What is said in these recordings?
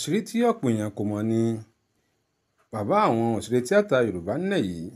àṣírí tí ọ̀pọ̀ èèyàn kò mọ̀ ni bàbá àwọn òṣèré tíátà yorùbá nílẹ̀ yìí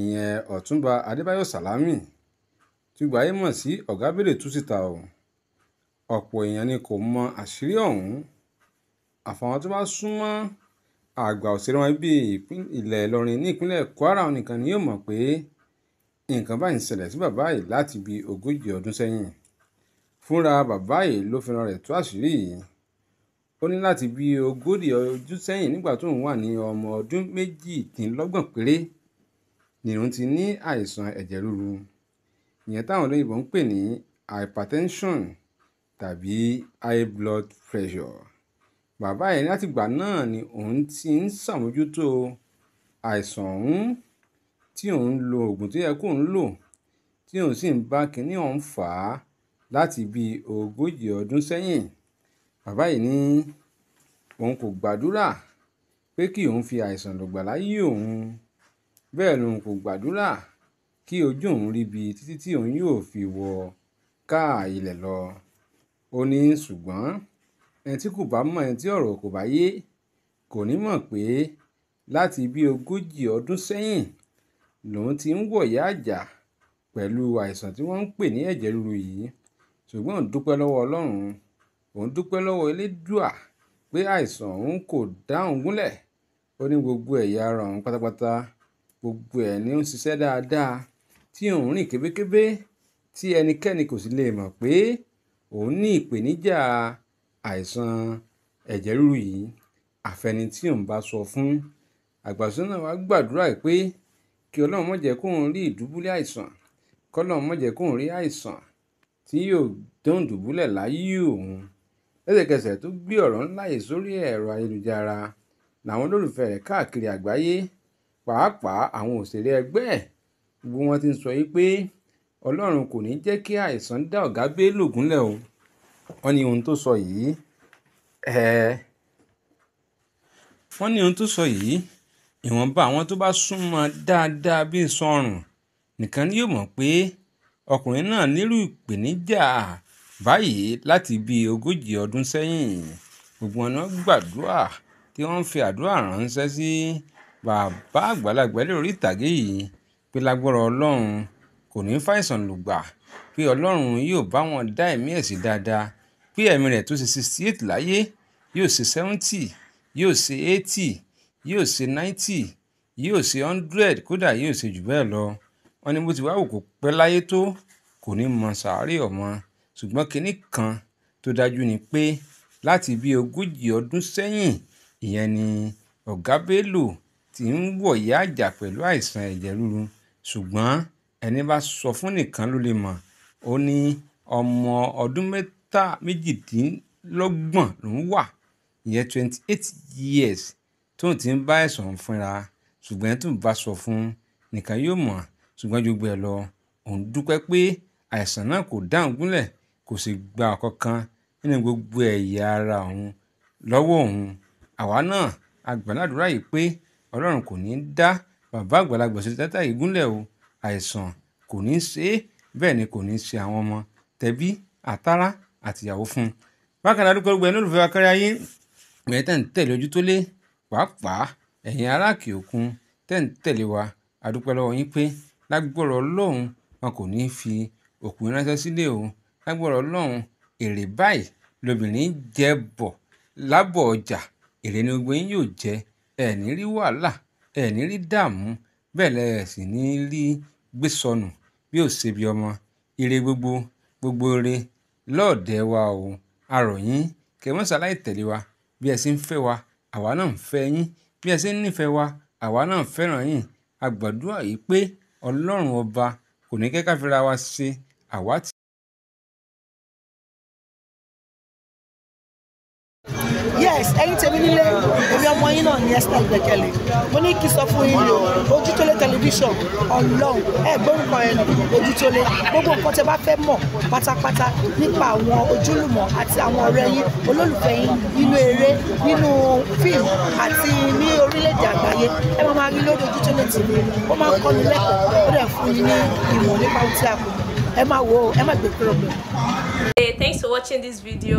ìyẹn ọ̀túnba adébáyọ̀ sálámì tí gbàyé mọ̀ sí ọ̀gá bèrè tú síta o ọ̀pọ̀ èèyàn ni kò mọ àṣírí ọ̀hún àfàwọn tó bá súnmọ́ àgbà òṣèré wọn bíi ilẹ̀ ìlọrin ní ìpínlẹ̀ kwara nìkan ni yóò mọ̀ pé nǹkan báyìí ń ṣẹlẹ̀ sí bàbá yìí láti bíi ogójì ọdún sẹ́yìn fúnra bàbá yìí ló fẹ́ràn rẹ̀ tú àṣírí yìí ó ní láti bí ogójì ọdún sẹ́yìn nígbà tóun wà ní ọmọ ọdún méjìdínlọ́gbọ̀n péré nìrún ti ní àìsàn ẹ̀jẹ̀ ríru ìyẹn táwọn olóyìnbó ń pè ní hypertension tàbí high blood pressure bàbá ẹ̀ látìgbà náà ni òun ti ń ṣàmójútó àìsàn ọ̀hún tí òun lo oògùn tó yẹ kóun lò tí òun sì ń bá kinní ọ̀hún fà á láti bíi ogójì ọdún sẹ́yìn Bàbá yìí ní òun kò gbàdúrà pé kí òun fi àìsàn lògbà láyé òun, bẹ́ẹ̀ lòun kò gbàdúrà kí ojú òun ríbi títí tí òun yóò fi wọ káà ilẹ̀ lọ. Ó ní ṣùgbọ́n ẹni tí kò bá mọ ẹni tí ọ̀rọ̀ kò bá yé kò ní mọ̀ pé láti bí ogójì ọdún sẹ́yìn lòun ti ń wọ̀yá àjà pẹ̀lú àìsàn tí wọ́n ń pè ní ẹ̀jẹ̀ ríru yìí. Ṣùgbọ́n dúpẹ́ lọ́wọ́ Ọlọ́run òun dúpẹ́ lọ́wọ́ elédùà pé àìsàn òun kò dá òun gúnlẹ̀ ó ní gbogbo ẹ̀yà ara òun pátápátá gbogbo ẹ̀ ni ó ń ṣiṣẹ́ dáadáa tí òun rìn kébékébé tí ẹnikẹ́ni kò sì lè mọ̀ pé òun ní ìpèníjà àìsàn ẹ̀jẹ̀ ríru yìí àfẹni tí òun bá sọ fún àgbàsọ́nà wa gbàdúrà pé kí ọlọ́run má jẹ́ kóun rí ìdúbúlẹ̀ àìsàn kọ́lọ́run má jẹ́ kóun rí àìsàn tí yóò dán dùbúlẹ̀ láyé òun lẹ́sẹ̀kẹsẹ̀ tó gbé ọ̀rọ̀ ńlá yìí sórí ẹ̀rọ ayélujára làwọn olólùfẹ́ rẹ̀ káàkiri àgbáyé pàápàá àwọn òṣèré ẹgbẹ́ ẹ̀ gbogbo wọn ti ń sọ yìí pé ọlọ́run kò ní jẹ́ kí àìsàn dá ọ̀gá Bello gúnlẹ̀ o wọ́n ní ohun tó sọ yìí wọ́n ní ohun tó sọ yìí ìwọ̀nba àwọn tó bá súnmọ́ dáadáa bíi sọrùn nìkan ni yóò mọ̀ pé ọkùnrin náà nírú ìpèníjà báyìí láti bíi ogójì ọdún sẹ́yìn gbogbo wọn náà gbàdúrà tí wọ́n ń fi àdúrà ránṣẹ́ sí bàbá àgbàlagbà lórí ìtàgé yìí pé lágbára ọlọ́run kò ní fàìsàn lùgbà pé ọlọ́run yóò bá wọn dá ẹ̀mí ẹ̀ sí dáadáa pé ẹ̀mí rẹ̀ tó ṣe sixty eight láyé yóò ṣe seventy yóò ṣe eighty yóò ṣe ninety yóò ṣe hundred kódà yóò ṣe jù bẹ́ẹ̀ lọ wọ́n ní bó ti wá kó pẹ́ láyé tó kò ní mọ sàárè ọmọ ṣùgbọ́n kinní kan tó dájú ni pé láti bíi ogójì ọdún sẹ́yìn ìyẹn ni ọ̀gá Bello ti ń wọ̀yá àjà pẹ̀lú àìsàn ẹ̀jẹ̀ ríru ṣùgbọ́n ẹni bá sọ fún nìkan ló lè mọ̀ ó ní ọmọ ọdún mẹ́ta méjìdínlọ́gbọ̀n ló wà ìyẹn twenty eight years tóun ti ń bá ẹ̀sán fúnra ṣùgbọ́n ẹni tó ń bá sọ fún nìkan yóò mọ̀ ṣùgbọ́n ju gbẹ lọ òun dúpẹ́ pé àìsàn náà kò dáhùn gúnlẹ̀ kò sì gba ọ̀kánkán nínú gbogbo ẹ̀yà ara òun lọ́wọ́ òun àwa náà a gbà ládùúrà yìí pé ọlọ́run kò ní í dá bàbá àgbàlagbà Sójẹ́tà yìí gúnlẹ̀ o àìsàn kò ní í ṣe é bẹ́ẹ̀ ni kò ní í ṣe àwọn ọmọ tẹbí àtàrà àtìyàwó fún un bákan náà dúpẹ́ gbogbo ẹni olùfẹ́ akẹ́rẹ́ ayé ẹ̀yin tẹ̀ ń tẹ̀lé ojú tó lé pàápàá ẹ̀yin aráàkì òkun tẹ̀ ń tẹ̀lé wa a lọ́wọ́ yín pé lágbọ́rọ̀ ọlọ́run wọn kò ní í fi òkú ránṣẹ́ lágbára ọlọ́run èrè báyìí lobìnrin jẹ bọ̀ lábọ̀ ọjà èrè ni gbogbo yín yóò jẹ ẹ̀ ní rí wàhálà ẹ̀ ní rí dààmú bẹ́ẹ̀ lẹ̀ sì ní rí gbé sọnù bí ò ṣebi ọmọ ire gbogbo gbogbo ire lọ́ọ̀dẹ̀ wa o àròyìn kẹmọ́sálàì tẹ̀lé wa bí ẹ ṣe ń fẹ́ wa àwa náà ń fẹ́ yín bí ẹ ṣe ń nífẹ̀ẹ́ wa àwa náà fẹ́ràn yín a gbàdúrà yìí pé ọlọ́run ọba kò ní kẹ́ ká fira wa ṣe àwa ti. yes ẹ̀yin tèmi nílé èmi ọmọ yín náà ní Esther Ìgbẹ́kẹ̀lé mo ní kí sọ fún yín ni o Ojútólé tẹlifíṣàn Ọlọ́run ẹ gbórúkọ yẹn nù Ojútólé gbogbo nǹkan tẹ bá fẹ́ mọ̀ pátápátá nípa àwọn ojúlùmọ̀ àti àwọn ọ̀rẹ́ yín olólùfẹ́ yín nínú eré nínú fíìmù àti ní orílẹ̀-èdè àgbáyé ẹ máa máa rí lórí Ojútólé TV ó máa ń kọ́ni lẹ́kọ̀ọ́ ó dẹ̀ fún yín ní ìmọ̀ nípa ohun tí a kò ẹ máa wò ó ẹ má gbé pẹ́rọ̀ Hey, thanks for watching this video.